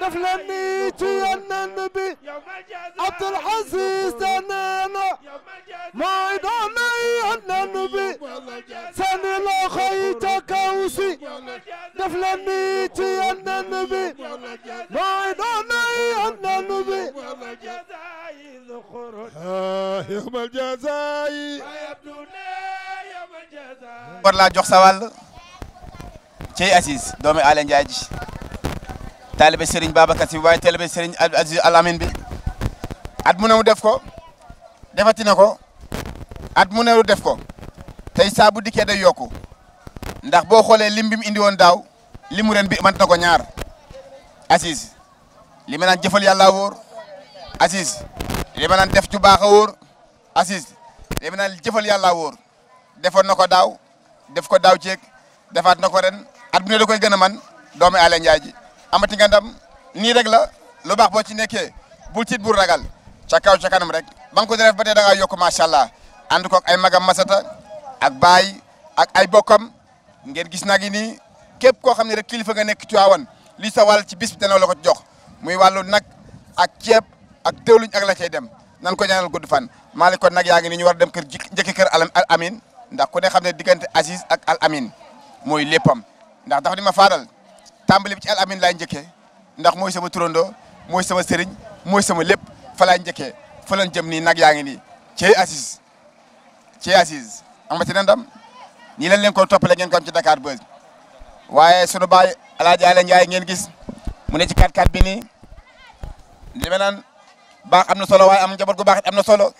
daf leen ni ci yeneen bi Abdul Aziz neena mooy doome yeneen bi seeni loxo yi ca kaw si daf leen ni ci yeneen bi mooy doome yeneen bi yawmal jazaa'i war laa jox sa wàll ci Aziz doomi Alé Ndiaye ji taalibe seriñ Babacar Sy waaye taalibe Serigne Aziz Al Amine bi at mu def ko defati na ko at mu def ko tey saabu bu dikkee yokku ndax boo xoolee lim bi indi woon daaw limu ren bi man na ko ñaar Aziz li ma naan jëfal yàlla wóor Aziz li ma naan def ju baax a wóor Aziz li ma naan jëfal yàlla wóor defoon na ko daaw def ko daaw jeg defaat na ko ren at mu ne da koy gën a man doomi Alé amati nga ndam nii rek la lu baax boo ci nekkee bul ci bul ragal ca kaw ca kanam rek ba nga ko def ba tey da ngaa yokk macha allah ànd ko ay magam masata ak baay ak ay bokkam ngeen gis nag yi nii képp koo xam ne rek kilifa nga nekk ci Tiwaawan li sa wàll ci bis bi dana la ko jox muy wàllu nag ak ceeb ak teewluñ ak la cay dem nan ko ñaanal gudd fan maa kon nag yaa ngi ni ñu war dem kër njëkki kër al amin ndax ku ne xam ne diggante Aziz ak al amin mooy léppam ndax dafa di ma faadal tàmbali bi ci al amin laay njëkkee ndax mooy sama turando mooy sama sëriñ mooy sama lépp fa laay njëkkee fa lañ jëm nii nag yaa ngi nii cey assis cey assis amati na ndam nii lañ leen ko toppale ngeen kam am ci Dakar Buzz waaye sunu baay El Hadj Alé ngeen gis mu ne ci 4-4 bi nii li ma naan baax am na solo waaye am njaboot gu baax am na solo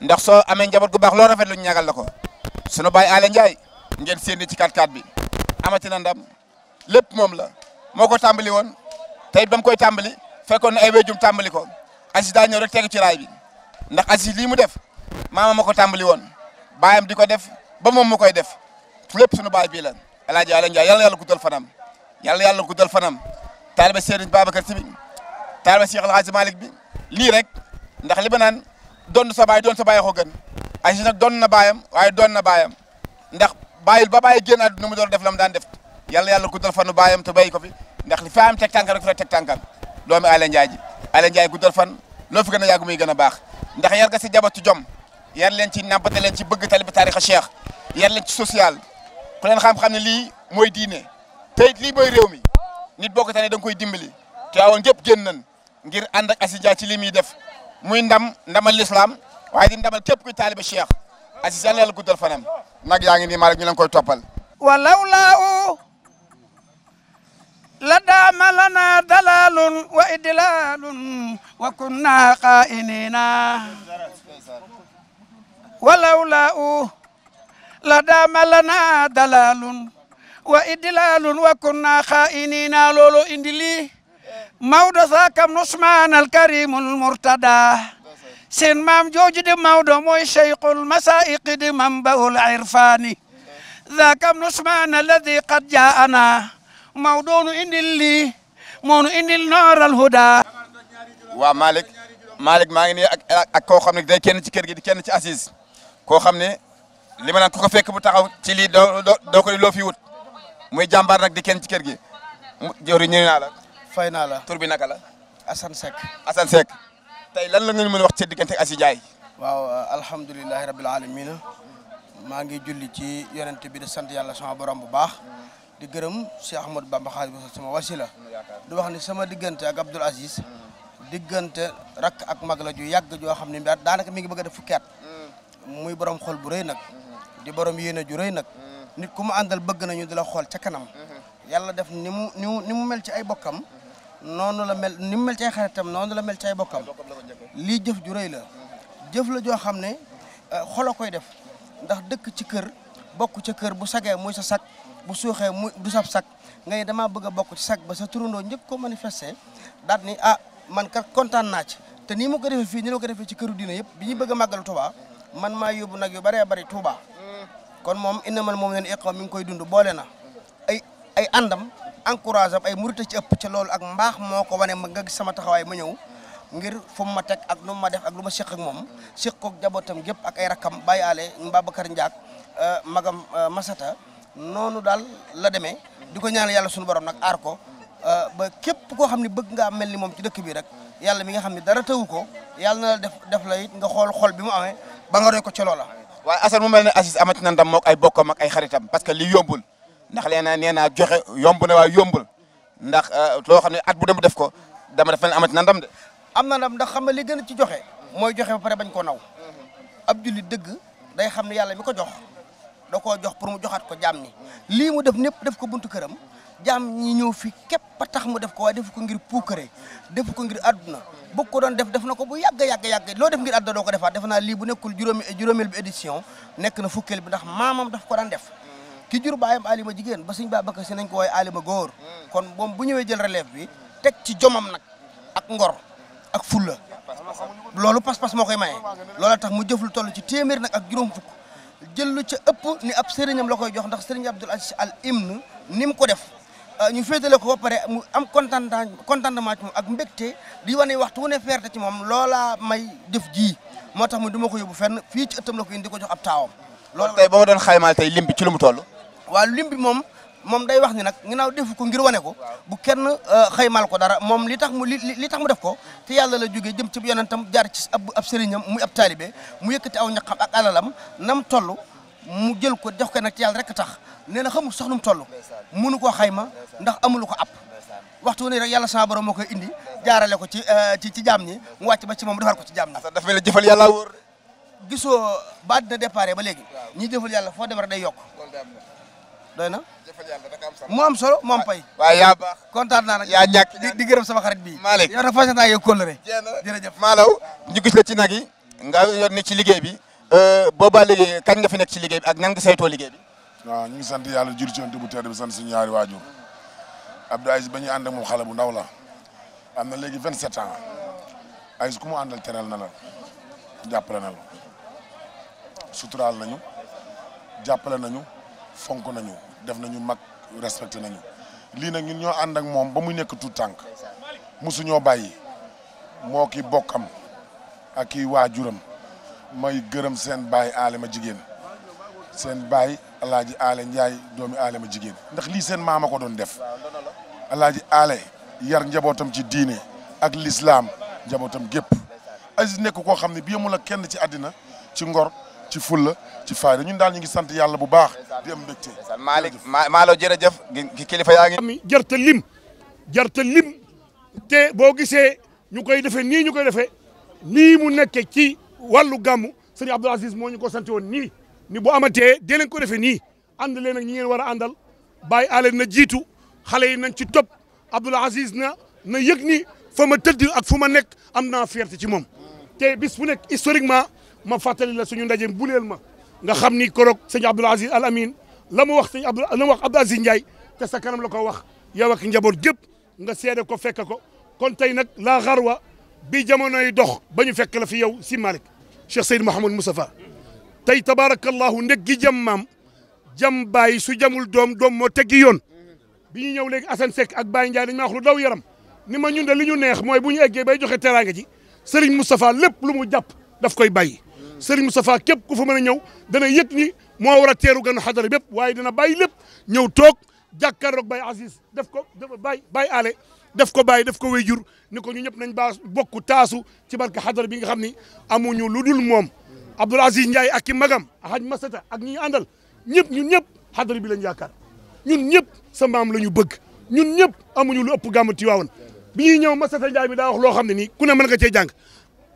ndax soo amee njaboot gu baax loo rafet lu ñu ñagal la ko sunu baay Alé Ndiaye ngeen séen ci 4-4 bi amati na ndam lépp moom la. moo ko tàmbali woon tey ba koy tàmbali fekkoon na ay wéjum tàmbali ko Aziz daa ñëw rek tegu ci raay bi ndax Aziz lii mu def maama ma ko tàmbali woon baayam di ko def ba moom mu koy def lépp suñu baay bii la El Hadj yalla Ndiaye yàlla yàlla guddal fanam yàlla yàlla guddal fanam taaliba Serigne Babacar Sy bi taaliba Cheikh El Hadj Malick bi lii rek ndax li ba naan doon sa baay doon sa baay ko gën Aziz nag doon na baayam waaye doon na baayam ndax bàyyil ba bàyyi génn àdduna mu door def la mu daan def. yàlla yàlla guddal fanu baayam te bay ko fi ndax li fa am teg tànkam rek fi la teg tànkam doomi Aly Ndiaye ji Aly Ndiaye guddal fan loo fi gën a yàgg muy a baax ndax yar nga si jabatu jom yar leen ci nàmpate leen ci bëgg talibi taarixa cheikh yar leen ci social ku leen xam-xam ne lii mooy diine te it lii mooy réew mi ni boo ko tane da koy dimbali te waawoon gépp génn nañ ngir ànd ak Aziz Ndiaye ci li muy def muy ndam ndamal l'islam waaye di ndamal képp kuy taaliba cheikh Aziz yàlla yàlla guddal fanam nag yaa ngi nii maa ñu leen koy toppal la daama lana dalalun wa idlalun wa kunna qaa'inina walawla u la daama lana dalalun wa idlalun wa kunna qaa'inina loolu indi lii Maodo saakam Usmaan al-Kariim al-Murtada seen maam jooju di Maodo mooy Cheikhul di qad jaa'ana mawɗo no indilli mo no indil nooral huda waaw Malick Malick maa ngi nii ak ak koo xam ne day kenn ci kër gi di kenn ci assis koo xam ne li ma naan ku fekk bu taxaw ci lii doo doo ko loo fi wut muy jàmbaar nag di kenn ci kër gi jori ñu naa la fay naa la tur bi naka la Assane Seck Assane Seck tey lan la ngeen mën wax ci diggante Assis Diaye waaw euh, alhamdulilahi rabil alamina maa ngi julli ci yonent bi di sant yàlla sama borom bu baax di gërëm si Ahmadou Bamba Xaadimu Rasuul sama wasila di wax ni sama diggante ak Abdoul Aziz diggante rakk ak mag la ju yàgg joo xam ne mbi daanaka mi ngi bëgg a def fukki at muy borom xol bu rëy nag di borom yéena ju rëy nag nit ku mu àndal bëgg nañu di la xool ca kanam yàlla def ni mu ni ni mu mel ci ay bokkam noonu la mel ni mu mel ci ay xaritam noonu la mel ci ay bokkam lii jëf ju rëy la jëf la joo xam ne eh, xolo koy def ndax dëkk ci kër bokk ca kër bu sagee muy sa sag bu suuxee mu du sab sac nga ne damaa bëgg a bokk ci sac ba sa turandoo ñëpp ko manifester daat ni ah man kat kontaan naa ci te nii mu ko defee fii ni la ko defee ci këru diine yëpp bi ñuy bëgg a màggal Touba man maa yóbbu nag yu bëree bëri Touba kon moom innamal moom leen iqam mi ngi koy dund boole na ay ay àndam encourage am ay murita ci ëpp loolu ak mbaax moo ko wane ma nga gis sama taxawaay ma ñëw ngir fu mu ma teg ak lu ma def ak lu ma seq moom seq koog jabootam gépp ak ay rakkam bàyyi aale Mbabacar euh, magam euh, Masata noonu daal la demee di ko ñaan yàlla suñu borom nag aar ko euh, ba képp koo xam ne bëgg ngaa mel ni moom ci dëkk bi rek yàlla mi nga xam ne dara tawu ko yàlla na def def la nga xool xool bi mu amee ba nga roy ko ci loola. waaye Assane mu mel ne Aziz amati na ndam moog ay bokkam ay xaritam parce que li yombul ndax lee naa nee naa joxe yomb na waaye yombul ndax euh, loo xam ne at bu dem def ko dama def leen amati na ndam de. am na ndam ndax xam nga li gën a ci joxe mooy joxe pare bañ koo naw ab dëgg day xam ne yàlla mi ko jox. da jox pour mu joxaat ko jaam ni lii mu def def ko buntu këram jaam ñi ñëw fi képp a tax mu def ko waaye def ko ngir puukare def ko ngir àdduna bu ko doon def def na ko bu yàgg yàgg yàgg loo def ngir àdduna doo ko defaat defe naa lii bu nekkul juróomi juróomeel bi édition nekk na fukkeel bi ndax maamam daf ko daan def ki jur baayam ma jigéen ba suñ Babacar si nañ ko waaye alima góor kon moom bu ñëwee jël relève bi teg ci jomam nag ak ngor ak fulla loolu pas-pas moo koy maye loola tax mu jëf toll ci téeméer nag ak juróom fukk jël lu ca ëpp ni ab sëriñam la koy jox ndax sëriñ Abdoul Aziz Al Amine ni mu ko def euh, ñu féetale ko ba pare am contentement contentement ci ak mbégte di wane waxtu wu ne fierté ci moom loolaa may def ji moo tax mu du ma ko yóbbu fenn fii ci ëttam la indi ko jox ab taawam. loolu tey ba ma doon xaymaal tey lim ci lu mu toll. moom. moom day wax ni nag ginnaaw defu ko ngir wane ko bu kenn euh, xaymal ko dara moom li tax mu li li tax mu def ko te yàlla la jógee jëm ci yonentam jaar ci ab ab sëriñam muy ab taalibe mu yëkkati aw ñaqam ak alalam nam toll mu jël ko def ko nag ci yàlla rek tax nee na xamul soxnum toll munu koo xayma ndax amulu ko ab waxtu ni rek yàlla sama borom moo ko indi jaarale ko ci euh, ci ci jaam ni mu wàcc ba ci moom defar ko ci jaam ñi. dafa mel ni jëfal yàlla gisoo ba dina déparé ba léegi ñi jëfal yàlla foo dem day yokk doy na mu am solo mu am pay waaw yaa baax kontaan naa nag yaa ñàkk di gërëm sama xarit bi Malick yow nag fas naa yow kóllëre jërëjëf Malaw ñu gis la ci nag yi nga yor ni ci liggéey bi euh, boobaa léegi kañ nga fi nekk ci liggéey bi ak nan nga saytoo liggéey bi waaw ñu ngi sant yàlla jur ci bu tedd bi sant suñu ñaari waajur Abdou Aziz ba ñu ànd moom xale bu ndaw la am na léegi 27 ans Aziz mu àndal teral na la jàppale na la suturaal nañu jàppale nañu fonk nañu def nañu mag respecté nañu lii nag ñun ñoo ànd moom ba mu nekk tout tànk mosuñoo bàyyi moo ki bokkam ak ki waajuram may gërëm seen baay ma jigéen seen baay alaaji aale Ndiaye doomi Alema jigéen ndax lii seen maama ko doon def alaaji yar njabootam ci diine ak lislaam njabootam gépp Aziz nekk koo xam ne bi yemul kenn ci àddina ci ngor ci fulla ci fayda ñun daal ñu ngi sant yàlla bu baax di am mbégte Malick Malo jërëjëf gi kilifa yaa ngi jarta lim jarta lim te boo gisee ñu koy defee nii ñu koy defee nii mu nekke ci wàllu gàmmu sëñ Abdou Aziz moo ñu ko sant woon nii ni boo amatee dee leen ko defee nii ànd leen ak ñi ngeen war a àndal bàyyi aale na jiitu xale yi nañ ci top Abdou Aziz na na yëg ni fa ma tëdd ak fu ma nekk am naa fierté ci moom te bis bu nekk historiquement ma fàttali la suñu ndaje buleel ma nga xam ni korog sëñ Abdoul Aziz Al Amin la mu wax sëñ Abdoul la mu wax Abdoul Aziz Ndiaye te sa kanam la ko wax yow ak njaboot gépp nga seede ko fekk ko kon tey nag laa xarwa bi jamonoy dox ba ñu fekk la fi yow si Malick Cheikh Seydou Mouhamadou Moustapha tey tabaarakallahu ndeg gi jam maam jam bàyyi su jamul doom doom moo teggi yoon bi ñu ñëw léegi Assane Seck ak Baye Ndiaye dañ ma wax daw yaram ni ma ñun li ñu neex mooy bu ñu eggee bay joxe teraanga ji Serigne Moustapha lépp lu mu jàpp daf koy bàyyi Serigne Moustapha képp ku fa mën a ñëw dana yëg ni moo war a teeru gan xadara bépp waaye dana bàyyi lépp ñëw toog jàkkaarloog Baye Aziz def ko Baye Baye Ale def ko Baye def ko wéyjur ni ko ñu ñëpp nañ baa bokk taasu ci barke xadara bi nga xam ni amuñu lu dul moom Abdoul Aziz Ndiaye ak i magam Hadj Masata ak ñi ñu àndal ñëpp ñun ñëpp xadara bi lañ yaakaar ñun ñëpp sa maam la ñu bëgg ñun ñëpp amuñu lu ëpp gàmmu Tiwaawan bi ñuy ñëw Masata Ndiaye mi daa wax loo xam ne nii ku ne mën nga cee jàng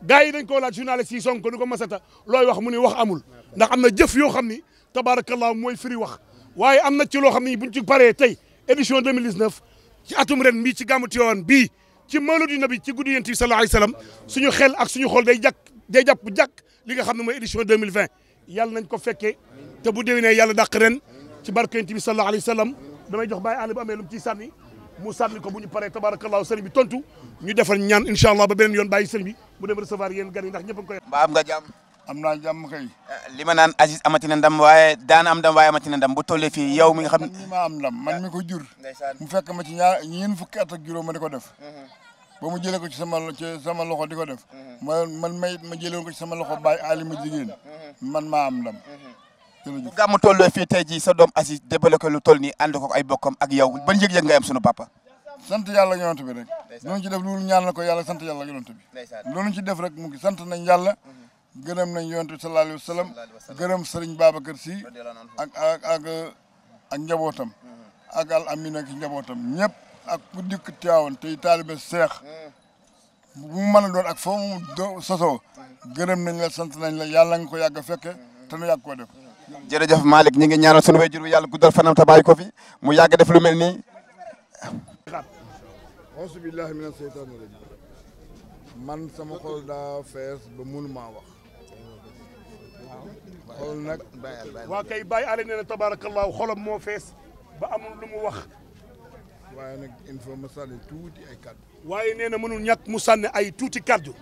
gars yi dañ ko laaj journaliste yi Sonko ni ko Masata looy wax mu ni wax amul ndax am na jëf yoo xam ni tabaarakallaa mooy firi wax waaye am na ci loo xam ni buñ ci paree tey édition 2019 ci atum ren mbii ci gàmmu Tiwaawan bii ci mawlidu nabi ci guddi yonent bi sallallahu alayhi wasallam suñu xel ak suñu xol day jàkk day jàpp jàkk li nga xam ne mooy édition 2020 yàlla nañ ko fekkee te bu ne yàlla dàq ren ci barke yonent bi sallallahu alayhi wasallam damay jox bàyyi àll bu amee lu mu ciy sànni mu sànni ko bu ñu paree tabaarakallaahu sëriñ bi tontu ñu defal ñaan incha allah ba beneen yoon bàyyi sëriñ bi mu dem recevoir yéen gan ndax ñëpp a ngi koy. mbaa am nga am naa jàmm kay. Eh, li ma naan Aziz amati na ndam waaye daan am ndam waaye amati na ndam bu tollee fii yow mi nga xam. man mii ma am ndam man mi ko jur. mu fekk ma ci ñaar ñeen fukki at ak juróom ma di ko def. Mm-hmm. ba mu jëlee ko ci sama loxo di ko def. Mm-hmm. man ma it ma jëlee ko ci sama loxo bàyyi Alima jigéen mm-hmm. man maa am ndam bu gàmm tolloo fii tey jii sa doom Aziz débale ko lu toll nii ànd ko ay bokkam ak yow ban yëg-yëg nga am sunu papa sant yàlla yonent bi rek loolu ci def loolu ñaan na ko yàlla sant yàlla yonent bi loolu ci def rek mu ngi sant nañ yàlla mhm. gërëm nañ yonent bi sallallahu alayhi wa sallam gërëm sëriñ Babacar Sy ak ak ak ak njabootam mhm. ak al amin ak njabootam ñëpp ak ku dikk Tiwaawan tey taalibe seex mhm. bu mu mën a doon ak foo mu sosoo gërëm nañ la sant nañ la yàlla nga ko yàgg a fekke te nu yàgg koo def jërëjëf Malick ñu ngi ñaanal sunu wayjur wi yàlla guddal fanam te bàyyi ko fi mu yàgg def lu mel nii. auzu billahi mina seytaani rajim man sama xol daa fees ba mënumaa wax. xool nag waa kay Baye Alé nee na tabaarakallaahu xolam moo fees ba amul lu mu wax. waaye nag il faut ma sànni tuuti ay kàddu. waaye nee na mënul ñàkk mu sànni ay tuuti kàddu.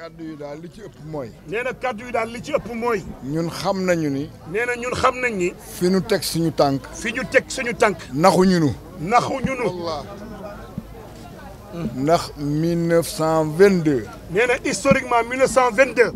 kàddu yi daal li ci ëpp mooy. nee na kàddu yi daal li ci ëpp mooy. ñun xam nañu ni. nee na ñun xam nañ ni. fi ñu teg suñu tànk. fi ñu teg suñu tànk. naxuñu nu. naxuñu nu. ndax 1922. nee na historiquement 1922.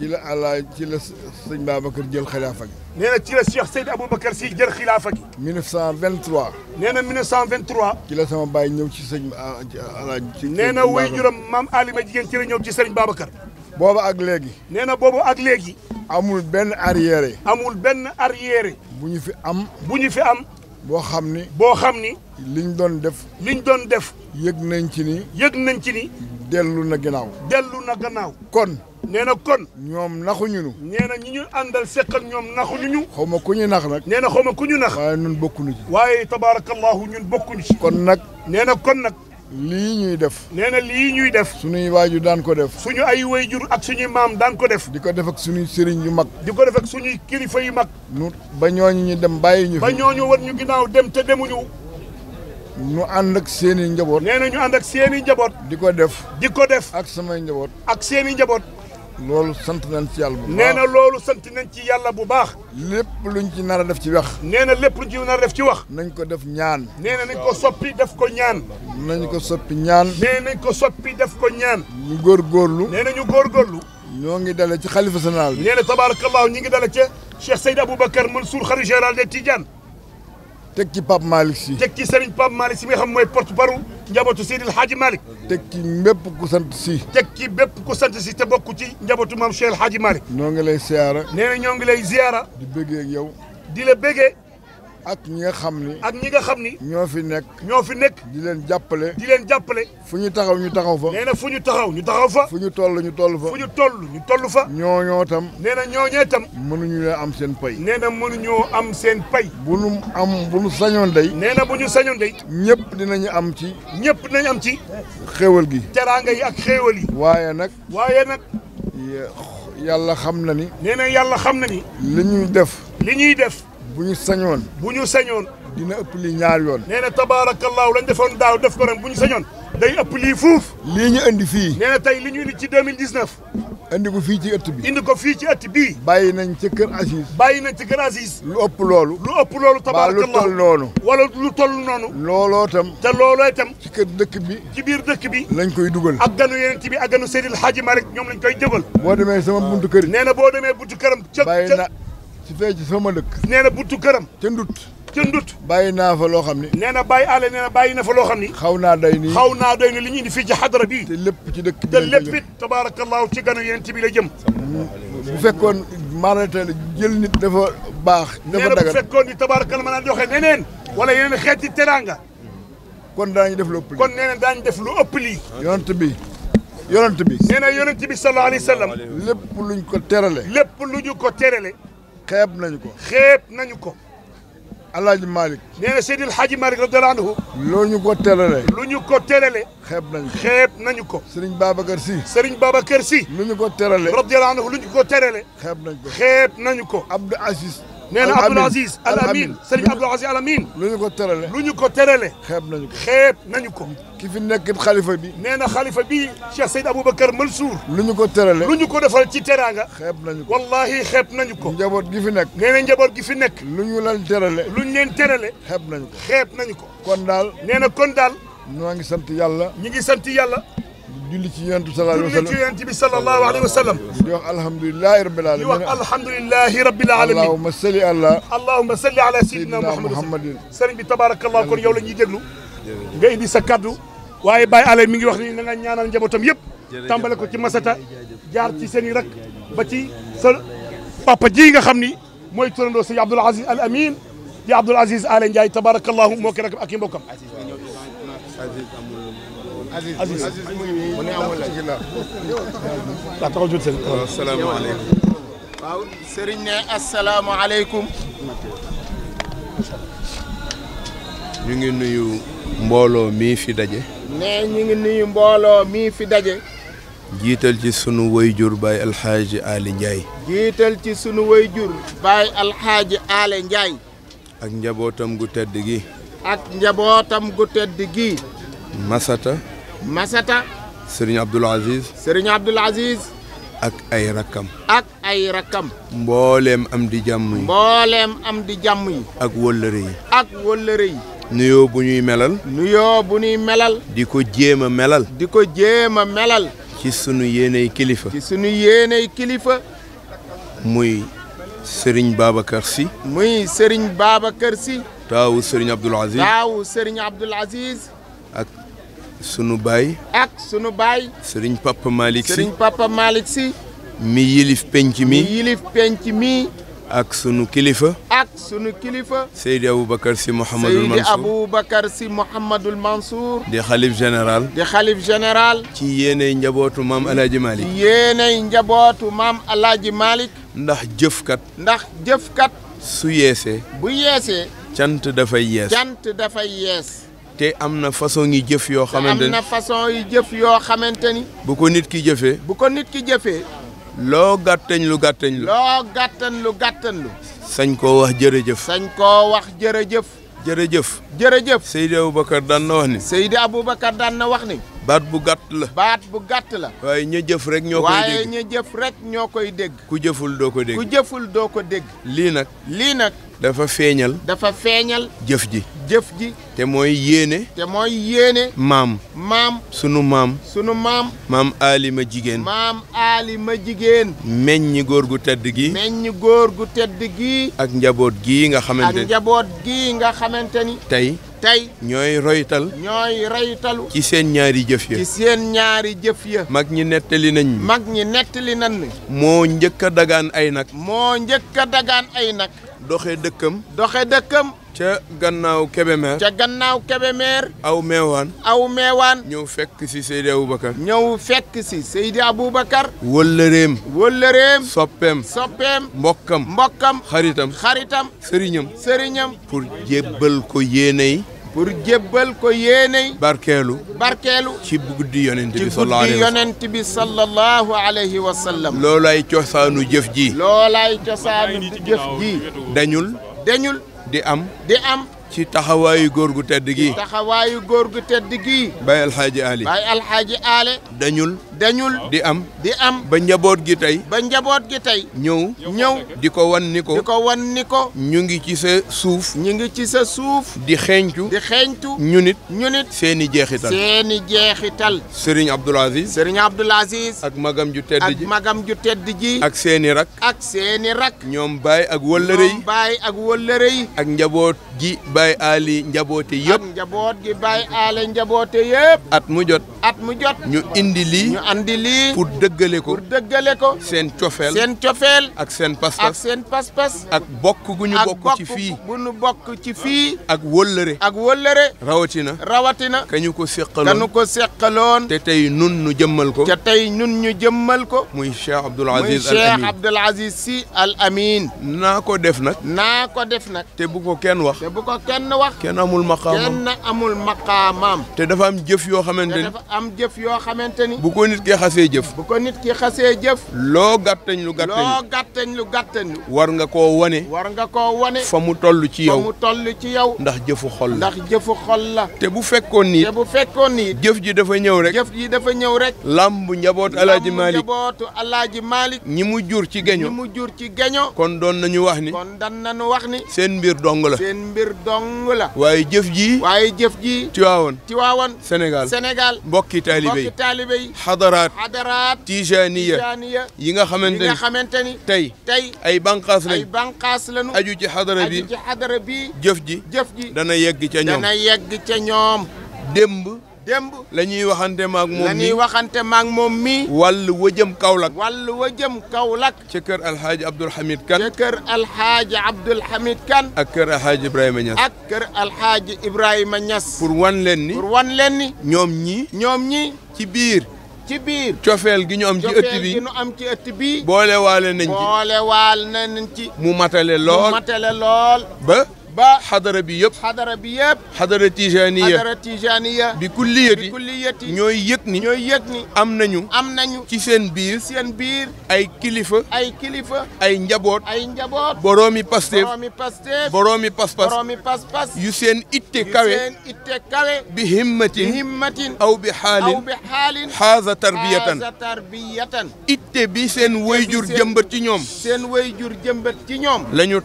ci la àllaay ci la sëñ Babacar jël xilaafa gi. nee na ci la Cheikh Seydou Aboubacar si jël xilaafa gi. 1923. nee na 1923. ci la sama baay ñëw ci sëñ alaaj ah, ci nee na way juram maam Alima jigéen ci la ñëw ci sëñ Babacar. booba ak léegi. nee na boobu ak léegi. amul benn arrière. amul benn arrière. bu ñu fi am. bu ñu fi am. boo xam ni. boo xam ni. liñ doon def. liñ doon def. yëg nañ ci ni. yëg nañ ci ni. dellu na gannaaw. dellu na gannaaw. kon. nee na kon. ñoom naxuñu ñu. nee na ñi ñu àndal seq ñoom naxuñu ñu. xaw ma ku ñu nax nag. nee na xaw ma ku ñu nax. waaye ñun bokkuñu ci. waaye tabaarakallahu ñun bokkuñu ci. kon nag. nee na kon nag. lii ñuy def. nee na lii ñuy def. suñuy waajur daan ko def. suñu ay jur ak suñuy maam daan ko def. di ko def ak suñuy sëriñ yu mag. di ko def suñuy kilifa yu mag. nu ba ñooñu ñu dem bàyyi ñu. ba ñooñu war ñu ginnaaw dem te demuñu. ñu ànd ak seen i njaboot. nee ñu ànd ak seen i njaboot. di ko def. di ko def. ak samay njaboot. ak seen njaboot. loolu sant nan ci yàlla bu baax nee na loolu sant nañ ci yàlla bu baax. lépp ci nar a def ci wax. nee na lépp luñ ci nar a def ci wax. nañ ko def ñaan. nee na ko soppi def ko ñaan. nañ ko soppi ñaan. nee nañ ko soppi def ko ñaan. ñu góorgóorlu. nee na ñu góorgóorlu. ñoo ngi dale ci xalifa général bi. nee na tabaarakallaahu ñi ngi dale ca Cheikh Seyd Aboubacar Mansour xalifa général de Tidiane. teg ci Pape Malick si. teg ci Serigne Pape Malick si nga xam mooy porte parole. njabootu Seydil Hadji Malick teg ci bépp ku sant si teg ci bépp ku sant si te bokk ci njabootu maam Cheikh Hadji Malick noo ngi lay ziara nee na ngi lay ziara di bëggee ak yow di la bëggee ak ñi nga xam ni. ak ñi nga xam ni. ñoo fi nekk. ñoo fi nekk. di leen jàppale. di leen jàppale. fu ñu taxaw ñu taxaw fa. nee na fu ñu taxaw ñu taxaw fa. fu ñu toll ñu toll fa. ñu toll ñu toll fa. ñooñoo tam. nee na ñooñee tam. mënuñu leen am seen pay. nee na mënuñoo am seen pay. bu nu am bu nu sañoon day. nee na bu ñu sañoon day. ñëpp dinañu am ci. ñëpp dinañu am ci. xéewal gi. teraanga yi ak xéewal yi. waaye nag. waaye nag. yàlla xam na ni. nee na yàlla xam na ni. li ñuy def. li ñuy def. bu ñu sañoon. bu ñu sañoon. dina ëpp lii ñaar yoon. nee na tabaarakallaahu lañ defoon daaw def ko ren bu ñu sañoon. day ëpp lii fuuf. lii ñu indi fii. nee na tey li ñu indi ci 2019. indi ko fii ci ëtt bi. indi ko fii ci ëtt bii. bàyyi nañ ci kër Aziz. bàyyi nañ ci kër Aziz. lu ëpp loolu. lu ëpp loolu tabaarakallaahu ba lu toll noonu. wala lu toll noonu. looloo tam. te looloo itam. ci kër dëkk bi. ci biir dëkk bi. lañ koy dugal. ak ganu yeneen bi ak ganu Seydil Hadji ñoom lañ koy jëgal. boo demee sama buntu kër. nee na boo demee buntu këram. ca ci fee ci sama dëkk nee na buntu këram ca ndut ca ndut bàyyi naa fa loo xam ni nee na bàyyi àll nee na bàyyi na fa loo xam ni xaw naa doy ni xaw naa doy ni li ñu indi fii ci xadara bii te lépp ci dëkk bi te lépp it tabaarakallaahu ci ganu yent bi la jëm bu fekkoon maanaam jël nit dafa baax dafa dagan nee na bu fekkoon ni tabaarakallaahu mën naa joxe neneen wala yeneen xeeti teraanga kon daañu def lu ëpp lii kon nee na daañu def lu ëpp lii yonent bi yonent bi nee na yonent bi sallallahu alayhi wa sallam lépp luñ ko terale lépp luñu ko terale xeeb nañu ko. xeeb nañu ko. Alaaji Malick. nee na Seydil Hadji Malick radiyallahu anhu. loo ñu ko terale. lu ñu ko terale. xeeb nañu ko xeeb nañu ko. Serigne Babacar Sy. Serigne Babacar Sy. lu ñu ko terale. radiyallahu anhu lu ñu ko terale. xeeb nañu ko xeeb nañu ko. Abdou Aziz. nee na Abdoul Aziz Al Amin Serigne Abdoul Aziz Al Amin lu ñu ko terale lu ñu ko terale xeeb nañu ko xeeb nañu ko ki fi nekk xalifa bi nee na xalifa bi Cheikh Seyd Aboubacar Mansour lu ñu ko terale lu ñu ko defal ci teraanga xeeb nañu ko wallahi xeeb nañu ko njaboot gi fi nekk nee na njaboot gi fi nekk lu ñu leen terale lu ñu leen terale xeeb nañu ko xeeb ko kon daal nee na kon daal ñoo ngi sant yàlla ñi ngi sant yàlla julli ci yonent bi sallallahu alayhi wa sallam julli ci yonent bi sallallahu alayhi wa sallam di wax alhamdulillahi rabbil alamin di wax alhamdulillahi rabbil alamin allahumma salli ala allahumma salli ala sayyidina muhammadin yow la ñuy déglu nga indi sa kaddu waaye Baye Alé mi ngi wax ni na nga ñaanal njabootam yëpp tàmbale ko ci masata jaar ci seen i rak ba ci sa papa ji nga xam ni mooy turandoo sëñ Abdoul Aziz Al Amin di Abdoul Aziz Alé Ndiaye tabarakallahu moo ki rakam ak i mbokkam Aziz Aziz mu ne amoon laaj waaw taxaw jot seen. waaw salaamaaleykum. waaw ñu ngi nuyu mbooloo mii fi daje. ne ñu ngi nuyu mbooloo mii fi daje. jiital ci sunu wayjur Baye Alxaaji Ali Ndiaye. jiital ci sunu wayjur Baye Alxaaji Ali Ndiaye. ak njabootam gu tedd gi. ak njabootam gu tedd gi. Masata. Masata. Serigne Abdoul Aziz. Serigne ak ay rakkam. ak ay rakkam. mbooleem am di jàmm yi. mbooleem am di jàmm yi. ak wëllëre ak wëllëre yi. nuyoo bu ñuy melal. nuyoo bu ñuy melal. di ko jéem a melal. di ko jéem a melal. ci sunu yéeney kilifa. ci sunu yéeney kilifa. muy Serigne Babacar Sy. muy Serigne Babacar Sy. taawu Serigne Abdoul Aziz. taawu Serigne Abdoul ak. sunu baay. ak sunu baay. Serigne Papa Malick si mi yilif penc mi ak sunu kilifa. ak sunu kilifa. Seydi Aboubacar si Mouhamadul Mansour Seydi Aboubacar si Mouhamadul Mansour. di xalif général. di xalif général. ci yéenay njabootu maam El Hadj maam El ndax jëfkat. ndax su yeesee. bu yeesee. cant dafay yees. cant dafay yees. te am na façon yi jëf yoo xamante ni am na yoo xamante ni bu ko nit ki jëfee bu ko nit ki jëfee loo gàttañ lu gàttañ lu loo gàttan lu gàttan lu sañ koo wax jërëjëf sañ koo wax jërëjëf jërëjëf jërëjëf Seydi Aboubacar daan na wax ni Seydi Aboubacar daan na wax ni baat bu gàtt la. bu gàtt la. waaye ña jëf rek ñoo koy dégg jëf rek ñoo koy dégg. ku jëful doo ko dégg. ku jëful doo ko dégg. lii nag. lii nag. dafa feeñal. dafa feeñal. jëf ji. jëf ji. te mooy yéene. te mooy yéene. maam. maam. sunu maam. sunu maam. maam Alima jigéen. maam Alima jigéen. meññi góor gu tedd gi. meññi góor gu tedd gi. ak njaboot gii nga xamante ni. njaboot gii nga xamante ni. tey. tey ñooy roytal ñooy roytalu ci seen ñaari jëf ya ci seen ñaari jëf ya mag ñi nettali nañ mag ñi nettali nañ moo njëkk a dagaan ay nag moo njëkk a dagaan ay nag doxe dëkkam doxe dëkkam ca gannaaw Kébémer. ca gannaaw Kébémer. aw meewaan. aw meewaan. ñëw fekk ci Seydi Aboubacar. ñëw fekk ci Seydi Aboubacar. wëllëreem. wëllëreem. soppeem. soppeem. mbokkam. mbokkam. xaritam. xaritam. sëriñam. sëriñam. pour jébbal ko yéenay. pour jébbal ko yéenay. barkeelu. barkeelu. ci guddi yonent guddi yonent bi sallallahu alayhi wa sallam. loolaay cosaanu jëf ji. loolaay cosaanu jëf ji. dañul. dañul. di am di am ci taxawaayu góor gu tedd gi taxawaayu góor gu tedd gi Baye Alxaaji Ali Baye Alxaaji Ale dañul dañul di am di am ba njaboot gi tey ba njaboot gi tey ñëw ñëw di ko wan ni ko di wan ni ko ñu ngi ci sa suuf ñu ngi ci sa suuf di xeeñcu di xeeñcu ñu nit ñu nit seeni jeexi seeni jeexital sëriñ Abdoul Aziz sëriñ Abdoul Aziz ak magam ju tedd ji ak magam ju tedd ji ak seeni rak ak seeni rak ñoom baay ak wëllëre yi ñoom baay ak wëllëre yi ak njaboot gi Baye Ali njaboote yëpp. ak njaboot gi Baye Ali njaboote yëpp. at mu jot. at mu jot ñu indi lii ñu andi dëggale ko pour dëggale ko seen cofeel seen cofeel ak seen pas ak seen pas ak bokk gu ñu bokk ci fii bokk ci fii ak wëllëre ak wëllëre rawatina rawatina ka ñu ko séqaloon ka ñu ko séqaloon te tey nun ñu jëmmal ko te tey nun ñu jëmmal ko muy Cheikh Abdoul Aziz si Al Amin naa ko def nag naa ko def nag te bu ko kenn wax bu ko kenn wax kenn amul maqaamam kenn amul maqaamam te dafa am jëf yoo xamante ni am jëf yoo xamante ni. bu ko nit ki xasee jëf. bu ko nit ki xasee jëf. loo gàttañ lu gàttañ. loo gàttañ lu war nga koo wane. war nga koo wane. fa mu toll ci yow fa mu toll ci yow. ndax jëfu xol la ndax jëfu xol la. te bu fekkoon ni. fekkoon ni. jëf ji dafa ñëw rek. jëf ji dafa ñëw rek. lambu njaboot alaaji Malick lambu njabootu alaaji Malick. ñi mu jur ci geño mu jur ci geño kon doon nañu wax ni. kon dan nañu wax ni. seen mbir dong la. seen mbir dong la. waaye jëf ji. waaye jëf ji. Tiwaawoon Tiwaawoon Sénégal Sénégal mbokki taalibe yi taalibe yi xadaraat xadaraat yi nga xamante ni xamante ni tey tey ay banqaas lañ ay banqaas lañu aju ci bi jëf ji jëf ji dana yegg ca ñoom dana yegg ca ñoom démb la ñuy waxante maak moom mii ñuy waxante maak moom mi wàllu wëjëm Kaolack wàllu wëjëm Kaolack ca kër alhaaji Abdoul Hamid Kane ca kër alhaaji Abdoul Hamid Kane ak kër alhaaji Ibrahima Niass ak kër alhaaji Ibrahima Niass pour wan leen ni pour wan leen ñoom ñi ñoom ñi ci biir ci biir cofeel gi ñu am ci ëtt bi gi ñu am ci ëtt bi boolewaale nañ ci boolewaal nañ ci mu matale lool mu lool ba ba xadara bi yëpp xadara bi yëpp xadara tijaniya xadara tijaniya bi kulliyati bi kulliyati ñooy yëg am nañu am nañu ci seen biir seen biir ay kilifa ay kilifa ay njaboot ay njaboot boroomi Pastef boroomi Pastef boroomi pas-pas boroomi pas-pas yu seen itte kawe yu seen itte kawe bi himmatin aw bi xaalin aw bi tarbiyatan xaaza bi seen wayjur jëmbat ci ñoom seen wayjur jëmbat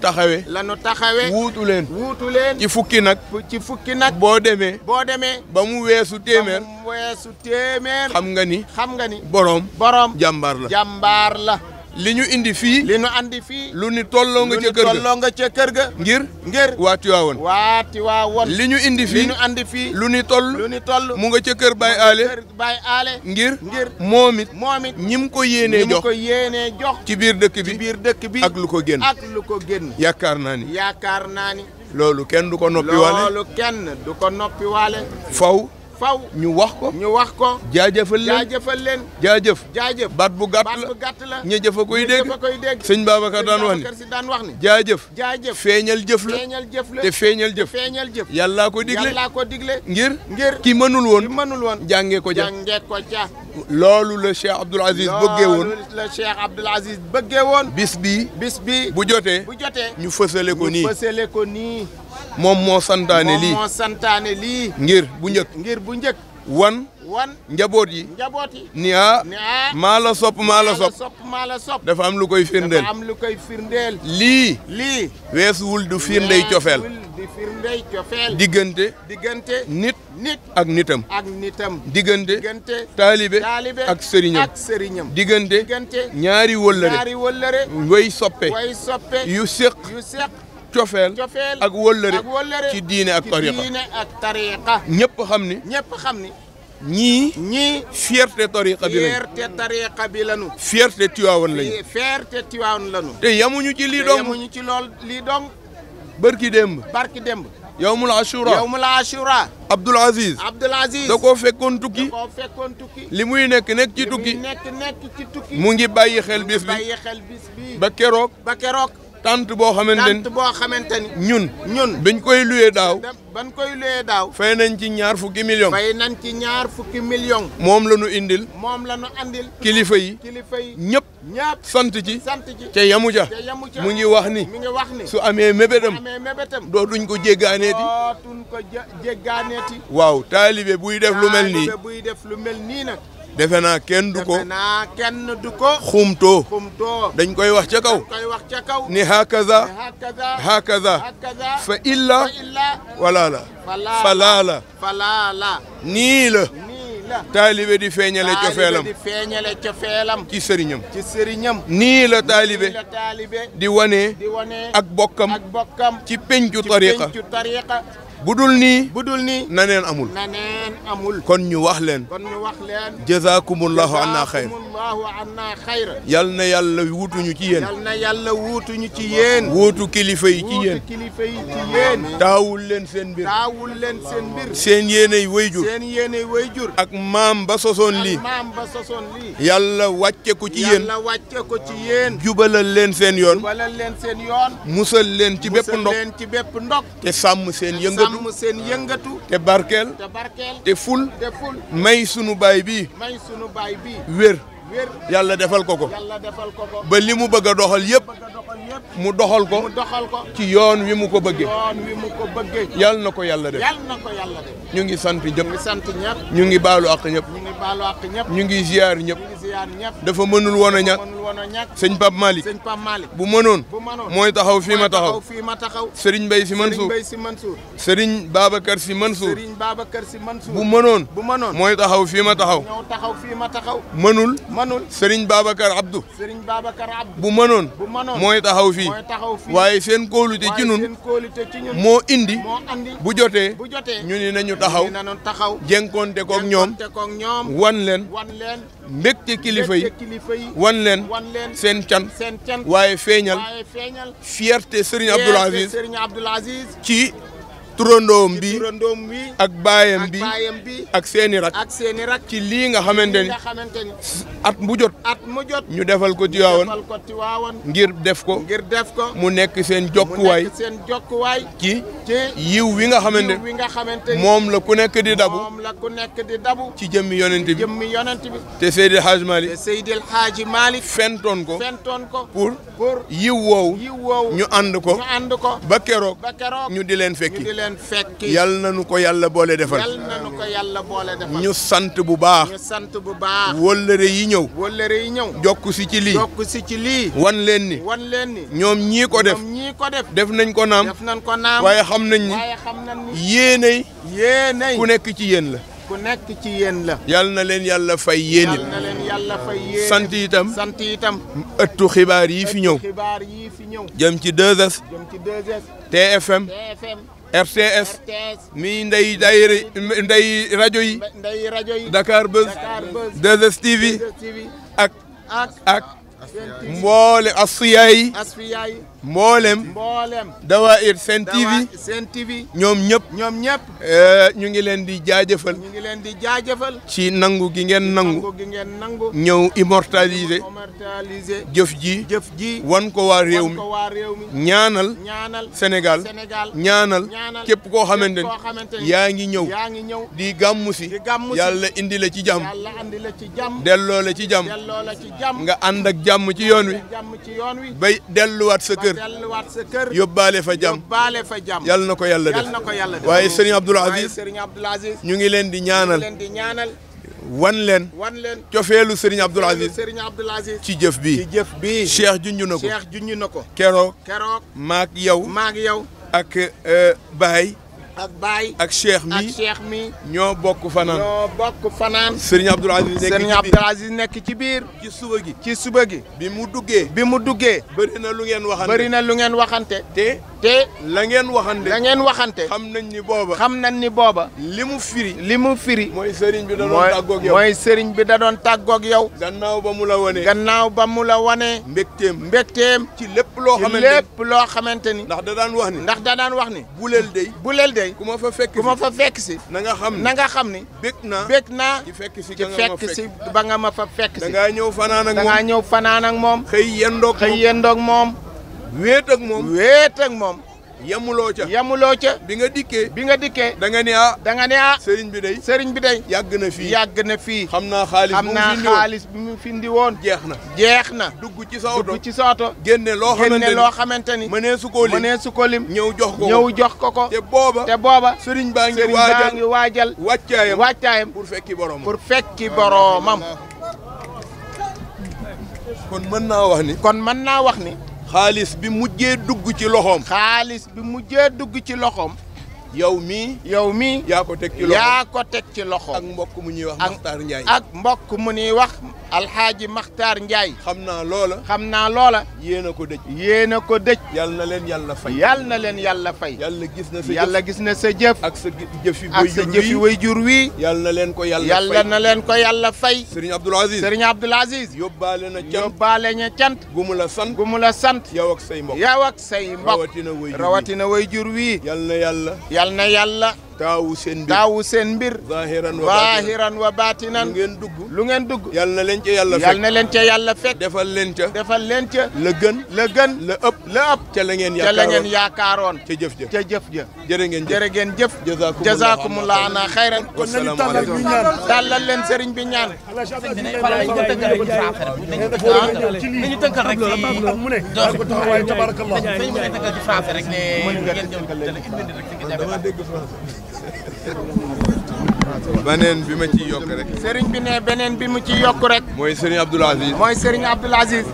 taxawe la ñu leen. wuutu leen fukki nag. ci fukki nag boo demee. boo demee ba mu weesu téeméer. ba weesu téeméer. xam nga ni. xam nga ni boroom. boroom jàmbaar la jàmbaar la. li ñu indi fii. li ñu andi fii. lu ni tolloo nga ca kër ga lu ca kër ga. ngir. ngir waa Tiwaawoon. waa Tiwaawoon. li ñu indi fii. ñu andi fii. lu ni toll. ni toll mu nga ca kër Baye Allé. ngir. ngir moom it. moom ko yéene jox ko yéenee jox. ci biir dëkk bi ci dëkk bi. ak lu ko génn ak lu ko génn. yaakaar naa ni. yaakaar naa ni. loolu kenn du ko noppiwaale. loolu kenn du ko noppiwaale. faw. faw ñu wax ko ñu wax ko jaajëfal leen jaajëfal leen jaajëf jaajëf baat bu gàtt la gàtt la ña jëfa koy dégg koy dégg sëñ Babacar daan wax ni daan wax ni jaajëf jaajëf feeñal jëf la feeñal jëf la te feeñal jëf feeñal jëf yàllaa ko digle yàllaa ko digle ngir ngir ki mënul woon ki mënul woon jàngee ko ja jàngee ko ja loolu la Cheikh Abdoul Aziz bëggee woon loolu la Cheikh Abdoul Aziz bëggee woon bis bi bis bi bu jotee bu jotee ñu fësale ko nii fësale ko nii moom moo santaane lii moom santaane lii. ngir bu njëkk ngir bu njëkk. wan. wan njaboot yi. njaboot yi ni ah. ni ah maa la sopp maa la sopp. maa la sopp dafa am lu koy firndeel. am lu koy firndeel. lii. lii weesuwul du firndey cofeel. di firndey cofeel. diggante. diggante nit. nit ak nitam. ak nitam. diggante. diggante taalibe. taalibe ak sëriñam. sëriñam. diggante. diggante ñaari wëllëre. ñaari wëllëre. way soppe. way soppe yu seq. yu seq. cofeel ak wëllëre ci diine ak tariqa ñëpp xam ni ñëpp xam ni ñii ñii fierté tariqa bi lañu fierté tariqa bi lañu fierté Tiwaawan lañu fierté Tiwaawan lañu te yamuñu ci lii dong yamuñu ci lool lii dong barki démb barki démb yawmul ashura yawmul ashura Abdoul Aziz Abdoul Aziz da koo fekkoon tukki da koo fekkoon tukki li muy nekk nekk ci tukki nekk nekk ci tukki mu ngi bàyyi xel bis bi bàyyi xel bis bi ba keroog ba keroog tant boo xamante ni tant xamante ni ñun. ñun biñ koy luyee daaw. ban koy luyee daaw. fay nañ ci ñaar fukki millions. fay nañ ci ñaar fukki millions. moom la ñu indil. moom la ñu andil. kilifa yi kilifa yi ñëpp. ñëpp sant ci. sant ci ca yamu ja. mu ngi wax ni. mu ngi wax ni su amee mébétam. amee mébétam doo duñ ko jéggaaneeti. dootuñ ko jéggaaneeti. waaw taalibe buy def lu mel nii. buy def lu mel nii nag. defe na kenn du ko kenn du ko xumtoo dañ koy wax ca kaw ni hakaza hakaza fa illa walaala falaala nii la taalibe di feeñale cofeelam feeñale ci sëriñam ci sëriñam nii la taalibe di wane ak bokkam ci pencu tariqa bu dul nii bu dul nii na amul na kon ñu wax leen kon ñu wax leen jazakumullahu xayr jazakumullahu anna xayr yal na yàlla wuutuñu ci yéen yal na yàlla wuutuñu ci yéen wuutu kilifa yi ci yéen kilifa yi leen seen mbir taawul leen seen mbir seen yéeney wayjur ak maam ba sosoon lii maam ba yàlla wàcce ko ci yéen yàlla wàcce ko ci leen seen yoon jubalal leen seen yoon musal leen ci bépp ndox ci bépp ndox te sàmm seen yëngal yëngatu sàmm seen yëngatu. te barkeel te barkeel te ful. may sunu baay bii. may sunu baay bii wér. yàlla defal ko ko. yàlla defal ko ba li mu bëgg a doxal yëpp. mu doxal ko. mu doxal ko ci yoon wi mu ko bëggee. yoon wi mu ko bëggee. yàlla na ko yàlla def. yàlla yàlla def. ñu ngi sant ñëpp. ñu ngi sant ngi baalu ak ñëpp. ñu ngi ziar ñëpp dafa mënul woon a ñàkk sëñ Pape Malick bu mënoon mooy taxaw fii ma taxaw Serigne Mbaye Sy Mansour Serigne Babacar Sy Mansour bu mënoon mooy taxaw fii ma taxaw mënul Serigne Babacar Abdou bu mënoon mooy taxaw fii waaye seen kóolute ci nun moo indi bu jotee ñu ni nañu taxaw jenkoon te koog ñoom. wan leen mbégte kilifa yi wan leen seen can waaye feeñal fierté Serigne Abdoul Aziz ci turandoom bi ak baayam bi ak seeni rak ci lii nga xamante ni at mu jot ñu defal ko Tiwaawan ngir def ko mu nekk seen jokkuwaay ci yiw wi nga xamante ni moom la ku nekk di dabu ci jëmmi yonent bi te Seydi El Hadji Malick fentoon ko pour yiw wow ñu ànd ko ba keroog ñu di leen fekki leen fekki. yal na nu ko yàlla boole defal. yal na nu ko ñu sant bu baax. ñu sant bu baax. wëllëre yi ñëw. wëllëre yi ñëw. jokk si ci lii. jokk ci lii. wan leen ni. wan leen ni. ñoom ñii ko def. ñoom ko def. def nañ ko naam. def nañ ko naam. waaye xam nañ ni. waaye xam nañ ni. yéenay. yéenay ku nekk ci yéen la. ku nekk ci yéen la. yal na leen yàlla fay yéen it. yal sant itam sant ëttu xibaar yi fi ñëw. xibaar ci 2 TFM. TFM. RTS mi ndey daayira ndey rajo yi ndey rajo yi Dakar Buzz 2STV ak ak mboole asfiya yi mboolem mboolem Dawaïr Sen TV Sen ñoom ñëpp ñoom ñëpp eh, ñu ngi leen di jaajëfal ñu ngi leen di jaajëfal ci nangu gi ngeen nangu gi ngeen nangu ñëw immortaliser immortaliser jëf ji jëf ji wan ko waa réew mi ñaanal ñaanal Sénégal ñaanal képp koo xamante ni yaa ngi ñëw yaa ngi ñëw di gàmmu si yàlla indi la ci jàmm yàlla andi la ci jàmm delloo la ci jàmm ci jàmm nga ànd ak jàmm ci yoon wi bay delluwaat sa kër kër delluwaat sa kër yóbbaale fa jàmm yóbbaale fa jàmm yàlla na ko yàlla def yàlla na ko yàlla def waaye sëriñ Abdoul Aziz sëriñ ñu ngi leen di ñaanal leen ñaanal wan leen wan leen cofeelu Serigne Abdoul Aziz Serigne Abdoul ci jëf bii ci jëf bii Cheikh junj na ko Cheikh junj na ko keroog keroog maak yow maak yow ak euh, Baye ak Baye ak Cheikh mi ak Cheikh mi. ñoo bokk fanaan ñoo bokk fanaan. Serigne Abdoul Aziz nekk ci nekk ci biir. ci suba gi ci suba gi. bi mu duggee. bi mu duggee. bëri na lu ngeen waxante bëri na lu ngeen waxante te la ngeen waxante la ngeen waxante xam nañ ni booba xam nañ ni booba li mu firi li mu firi mooy sëriñ bi da doon tàggoog yow mooy sëriñ bi dadoon doon tàggoog yow gannaaw ba mu la wane gannaaw ba mu la wane mbégteem mbégteem ci lépp loo xamante ni loo xamante ni ndax da daan wax ni ndax da daan wax ni buleel day buleel day ku ma fa fekk ma fa fekk si na nga xam na nga xam ni bég naa bég naa ci fekk si ci ba nga ma fa fekk si da ngaa ñëw fanaan moom da ngaa ñëw fanaan ak moom xëy yendoog xëy yendoog moom wéet ak moom wéet ak moom yamuloo ca yamuloo ca bi nga dikkee bi nga dikkee da nga ne ah da nga ne ah, sëriñ bi dey sëriñ bi day yàgg na fii yàgg na fii xam naa xaalis xam naa xaalis bi mu findi woon jeex na jeex na dugg ci sa ci sa oto loo xamante ni loo xamante ni mënee su ko lim mënee ko lim ñëw jox ko jox ko ko booba te booba sëriñ baa ngi waajal sëriñ baa ngi wàccaayam wàccaayam pour fekki boroomam pour fekki boroomam kon mën naa wax ni kon mën naa wax ni xaalis bi mujjee dugg ci loxoom. xaalis bi mujjee dugg ci loxoom. yow mii. yow mii yaa ko teg ci loxo yaa ko teg ci loxo. ak mbokk mu ñuy wax Makhtar Ndiaye. ak mbokk mu ñuy wax Alxaaji Makhtar Ndiaye. xam naa loola. xam naa loola. yéen a ko dëj. yéen a ko dëj. yal na leen yàlla fay. yal na leen yàlla fay. yàlla gis na sa yàlla gis na sa jëf. ak sa jëfi ak sa jëfi wayjur wii. yal na leen ko yàlla fay yàlla na leen ko yàlla fay. Serigne Abdoul Aziz Serigne Abdoul Aziz. yóbbaale na cant yóbbaale na cant. gumu la sant gumu la sant. yow ak say mbok yow ak say mbokk rawatina wayjur wii yal na yàlla taawu seen mbir taawu seen mbir. zahiran wa baatinan lu ngeen dugg lu ngeen dugg. yal na leen ca yàlla fekk na leen ca yàlla fekk. defal leen ca. defal leen ca. la gën la gën. la ëpp la ca la ngeen ngeen yaakaaroon. ca jëf ja ca jëf ja. jërë ngeen jëf ngeen jëf. jazaakumullah ana xayran. kon nañu tàllal ñu ñaan tàllal leen sëriñ bi ñaan. nañu tënkal rek ci. mu ne. beneen bi ma ci yokk rek. sëriñ bi ne beneen bi mu ci yokk rek. mooy sëriñ Abdoul Aziz. mooy sëriñ Abdoul Aziz.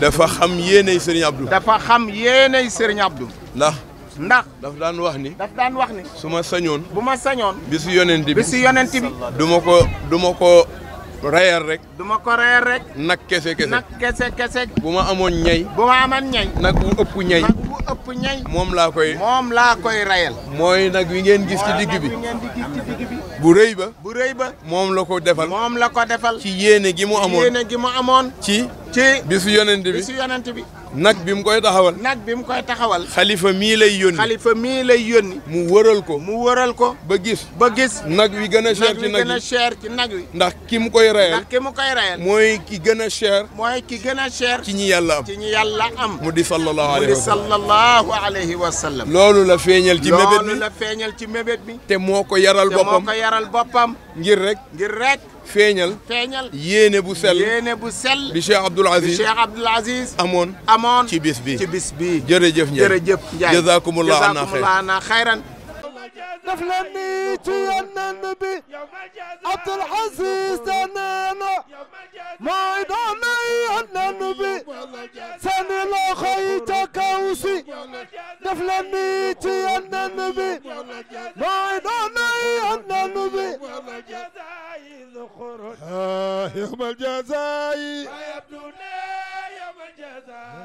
dafa xam yéenay sëriñ Abdou. dafa xam yéenay sëriñ Abdou. ndax. ndax daf daan wax ni. daf daan wax ni. su ma sañoon. bu ma sañoon. bisu yonent bi si yonent bi. du ma ko du ko reyal rek. du ma ko reyal nag kese kese. nag kese kese. bu ma amoon ñey. bu ma amoon ñey. nag bu ëpp ëpp ñay. moom laa koy moom laa koy rayal. mooy nag wi ngeen gis ci digg bi bu rëy ba. bu rëy ba moom la ko defal. moom la ko defal. ci yéene gi mu amoon yéene gi mu amoon. ci. ci bisu yonent bi bisu yonent bi. nag bi mu koy taxawal. nag bi mu koy taxawal. xalifa mii lay yónni. xalifa mii lay yónni. mu wëral ko. mu wëral ko. ba gis. ba gis nag wi gën a cher. ci nag wi cher ci nag ndax ki mu koy reyal. ndax mooy ki gën a cher. mooy ki gën a cher. ci ñi yàlla am ci ñi yàlla am. mu di sallallahu alayhi wa sallam wa sallam. loolu la feeñal ci mébét bi feeñal ci mébét bi. te moo ko yaral boppam te moo ko yaral boppam. ngir rek ngir rek. feeñal feeñal yéene bu sell yéene bu sell bi Cheikh Abdoul Aziz bi Cheikh Abdoul Aziz amoon amoon ci bis bi ci bis bi jërëjëf Ndiaye jërëjëf Ndiaye jazakumullah ana xayran daf leen ni ci yeneen bi Abdul Aziz neena mooy doone yeneen bi seeni loxo yi ca kaw si daf leen ni ci yeneen bi mooy doone yeneen bi yawmal jazaa